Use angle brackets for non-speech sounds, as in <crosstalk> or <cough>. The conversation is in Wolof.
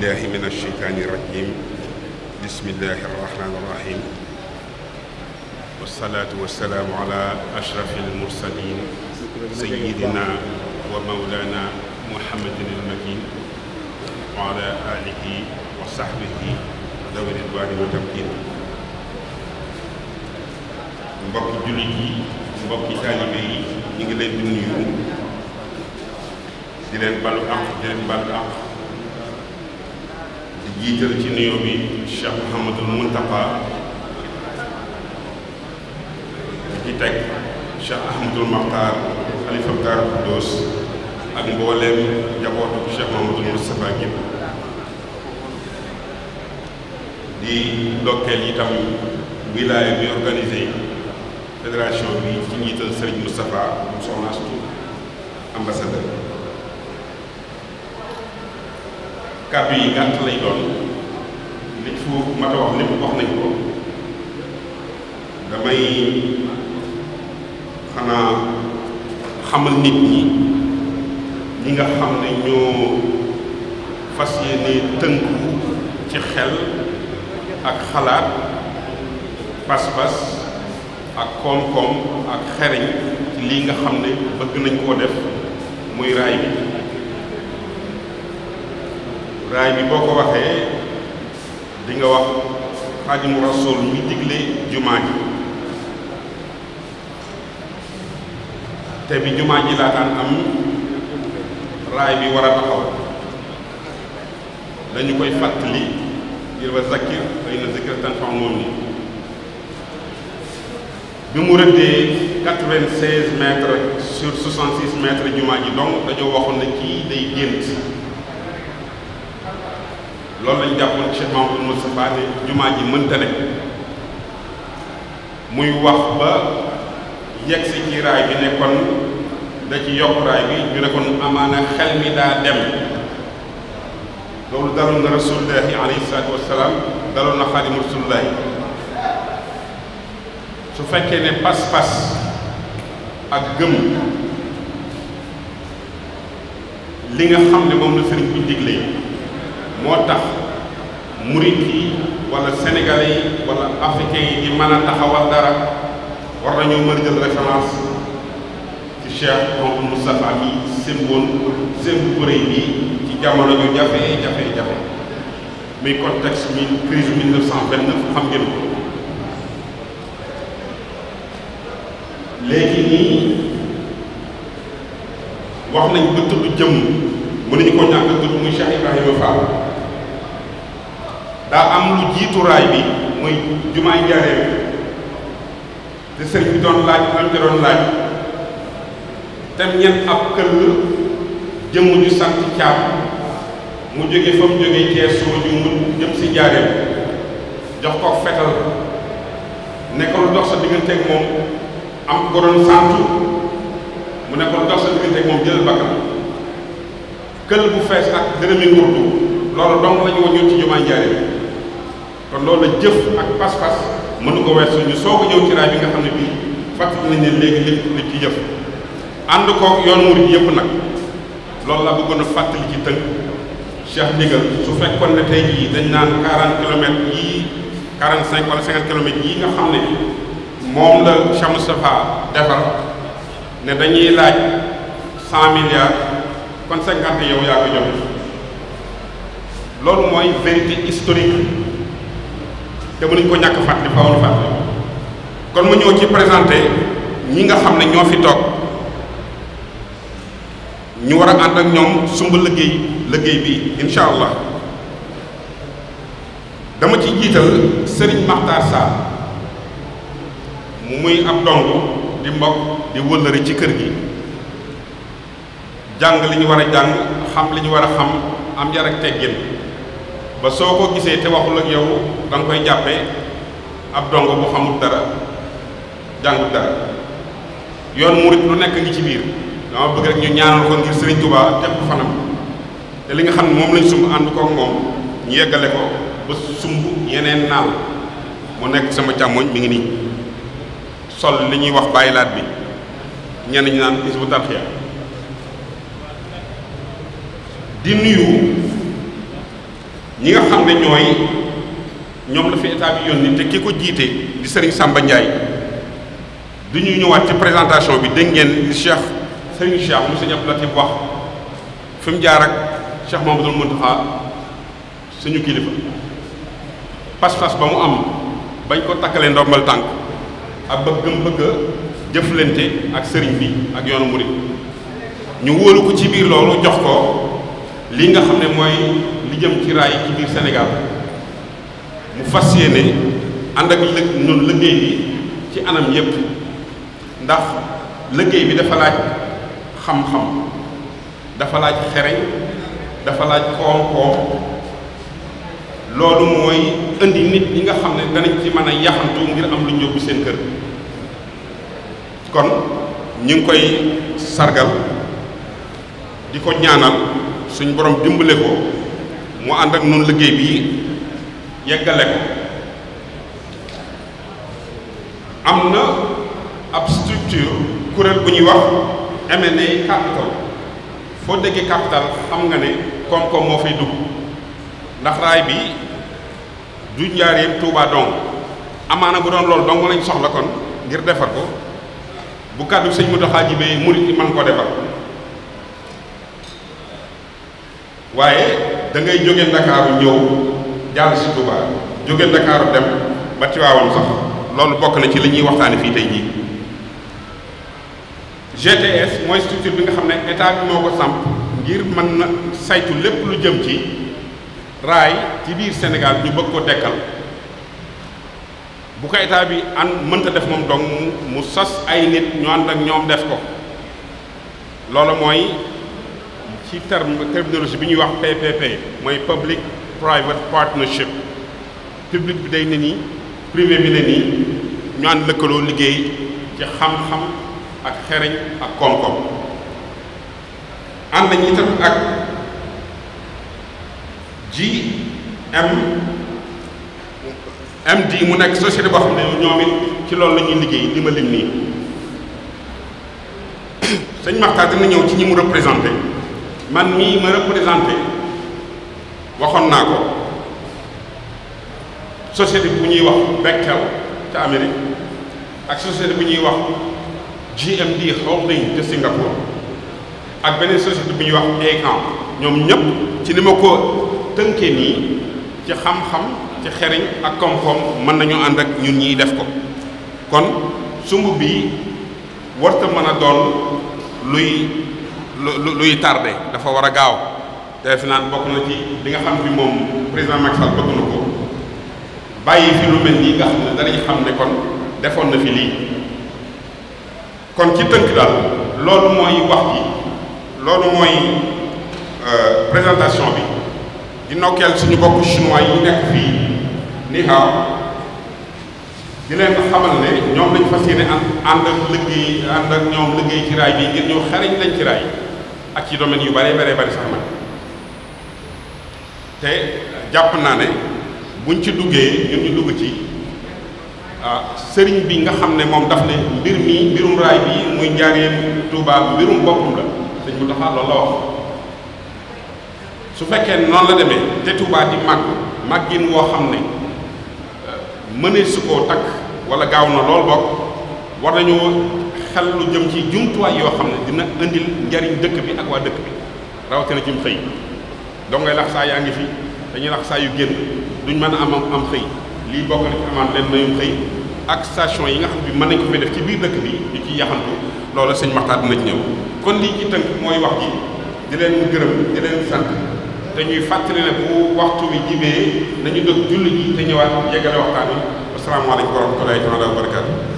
billahi min asheytaani irajim bismillahi arrahmani irrahim wasalaatu wasalaamu ala ashrafi almursalin sayidina wa maulana muhammadin almakin wa ala alihi wa sahbihi dawi ridwaani wa tamkin mbokki jullit yi mbokki taalibe yi ñu ngi leen di nuyu di leen balu am di leen balu am jiital ci nuyoo bi Cheikh Mouhamadul Mountakha di ci teg Cheikh Ahmadul Makhtar xalifa Daaru ak mbooleem njabootu Cheikh Mouhamadul Moustapha gépp di ndokkeel itam wilaaya bi organisé fédération bi ci njiital Serigne Moustapha mu soxna Astou ambassadeur kàddu yi gàtt lay doon li fu mat a wax lépp wax nañ ko damay xanaa xamal nit ñi ñi nga xam ne ñoo fas yéene tënku ci xel ak xalaat pas-pas ak koom-koom ak xereñ ci lii nga xam ne bëgg nañ koo def muy raay bi raay bi boo ko waxee di nga wax xaadimu rasul mi digle jumaa ji te bi jumaa ji laataan am raay bi war a taxaw dañu koy fàttali ngir ba zakkir ay na zikra tanfa'u bi mu rëddee quatre-vingt-seize mètres sur soixante jumaa ji donc dañoo waxoon ne kii day gént loolu lañ jàppoon Cheikh Mamadou jumaa ji mënta wax ba si ci raay bi ne kon da ci yokk raay bi ñu daa dem loolu daloon na na xaadimu rasulullahi su fekkee ne pas-pas ak gëm li nga xam ne moom la sëriñ bi digle moo tax murit yi wala sénégalais yi wala africains yi di mën a taxawal dara war nañoo mën a jël référence ci Cheikh Mouhamadou Moustapha mi sëmboon sëmbu bu rëy bi ci jamono ju jafe jafe jafe muy contexte mi crise 1929 xam ngeen ko léegi nii wax nañ ba tudd jëmm mënuñu ko ñàkk tudd muy Cheikh Ibrahima Fall daa am lu jiitu raay bi muy jumaay njaareel te sëñ bi doon laaj am laaj tem ñen ab këll jëmm ju sant caab mu jóge fa mu jóge cee sooju mu jëm si njaareel jox ko fetal ne ko lu dox sa digganteeg moom am ko doon santu mu ne ko lu dox sa digganteeg moom jëlal bakkan këll bu fees ak dërëmi ngurdu loolu dong la ñu woon ci jumaa njaareel kon loolu la jëf ak pas-pas mënu ko weesu ñu soog a ñëw ci raay bi nga xam ne bii fàttali nañ ne léegi lépp ci jëf ànd ko yoon murid yëpp nag loolu la bëggoon a fàttali ci tënk Cheikh Ndigal su fekkoon ne tey jii dañ naan 40 kilomètres yii 45 wala 50 kilomètres yii nga xam ne moom la Cheikh Moustapha defar ne dañuy laaj 100 milliards kon 50 yow yaa ko joxe loolu mooy vérité historique. te mënuñ ko ñàkk fàttali faaw ñu fàttali kon mu ñëw ci présenté ñi nga xam ne ñoo fi toog ñu war a ànd ak ñoom sumb liggéey liggéey bi incha allah dama ci jiital Serigne Makhtar Sarr muy ab dong di mbokk di wëllëri ci kër gi jàng li ñu war a jàng xam li ñu war a xam am yar ak teggin ba soo ko gisee te waxul ak yow da koy jàppe ab dongo bu xamul dara jàngut dara yoon murit lu nekk ngi ci biir dama bëgg rek ñu ñaanal ko ngir Sëriñ Tuubaa teg ko fanam te li nga xam ne moom lañ sumb ànd kook moom ñu yeggale ko ba sumb yeneen naaw mu nekk sama càmmoñ mi ngi nii sol li ñuy wax bàyyi bi ñenn ñu naan Hizbut Tarqiyyah di nuyu ñi nga xam ne ñooy ñoom la fi état bi yónni te ki ko jiite di Serigne Samba Ndiaye du ñu ñëwaat ci présentation bi dégg ngeen li Cheikh Serigne Cheikh mu Serigne Abdou Latif wax fi mu jaar ak Cheikh Mamadou Mountakha suñu kilifa pas-pas ba mu am bañ koo takkalee ndombal tànk ak bëggam bëgg a jëflante ak sëriñ bi ak yoonu murid ñu wóolu ko ci biir loolu jox ko li nga xam ne mooy. li jëm ci raay ci biir Sénégal mu fas yéene ànd ak lëg noonu liggéey bi ci anam yépp ndax liggéey bi dafa laaj xam-xam dafa laaj xereñ dafa laaj koom-koom loolu mooy indi nit ñi nga xam ne danañ ci man a yaxantu ngir am lu ñu yóbbu seen kër kon ñu ngi koy sargal di ko ñaanal suñ borom dimbale ko mu ànd ak noonu liggéey bi yeggale ko am na ab structure kuréel bu ñuy wax M&A capital foo déggee capital xam nga ne koom-koom moo fay dugg ndax raay bi du njaareem Touba dong amaana bu doon loolu dong lañ soxla kon ngir defar ko bu kàddu sëñ Mountakha Jibé murit yi mën ko defar waaye dangay jóge ndakaaru ñëw jàll si Touba jóge ndakaaru dem ba Tiwaawan sax loolu bokk na ci li ñuy waxtaane fii tey jii GTS mooy structure bi nga xam ne état bi moo ko samp ngir mën na saytu lépp lu jëm ci raay ci biir senegal ñu bëgg ko dekkal bu ko état bi an mënta def moom dong mu sas ay nit ñu ànd ak ñoom def ko loolu mooy ci terme terminologie bi ñuy wax PPP mooy public private partnership public bi day ne nii privé bi ne nii ñu ànd lëkkaloo liggéey ci xam-xam ak xereñ ak koom-koom ànd nañ itam ak GM MD mu nekk société boo xam ne ñoom ci loolu la ñuy liggéey li ma lim nii <coughs> sëñ Maxtaar na ñëw ci ñi mu représenté man mii ma représenté waxoon naa ko société bu ñuy wax Bechtel ca Amérique ak société bu ñuy wax GMD Holding ca Singapour ak beneen société bu ñuy wax Aecamp ñoom ñépp ci ni ma ko tënkee nii ci xam-xam ci xeriñ ak koom-koom mën nañu ànd ak ñun ñiy def ko kon sumb bii warta mën a doon luy lu luy tardé dafa war a gaaw te fi naan bokk na ci li nga xam ni moom président Macky Sall bëgg bàyyi fi lu nga xam ne danañ xam ne kon defoon na fi lii kon ci tënk daal loolu mooy wax ji loolu mooy euh, présentation bi di nokkeel suñu bokk chinois yi nekk fii ni haaw di leen xamal ne ñoom lañ fas yéene ànd ànd ak liggéey ànd ak ñoom liggéey ci raay bi ngir ñu xariñ lañ ci raay ak ci domaine yu bëree bëree bëri sax nag te jàpp naa ne buñ ci duggee ñun ñu dugg ci ah sëriñ bi nga xam ne moom daf ne mbir mi mbirum raay bi muy njaareem Tuubaa mbirum boppam la su fekkee noonu la demee te Tuubaa di màgg màggin woo xam ne eh, mënee su koo takk wala gaaw na lool bokk war nañoo xel lu jëm ci jumtuwaay yoo xam ne dina indil njariñ dëkk bi ak waa dëkk bi rawatina ci xëy doo ngay lax saa yaa ngi fi dañuy lax saa yu génn duñ mën a am am xëy lii bokk na ci amaan leen mayum xëy ak station yi nga xam bi mën nañ ko fay def ci biir dëkk bi ñu ci yaxantu loola sëñ Maxtaar dina ci ñëw kon lii ci tënk mooy wax ji di leen gërëm di leen sant te ñuy fàttali ne bu waxtu bi jibee nañu dëkk julli ji te ñëwaat yeggale waxtaan bi asalaamaaleykum wa rahmatullahi taala wa barakaatu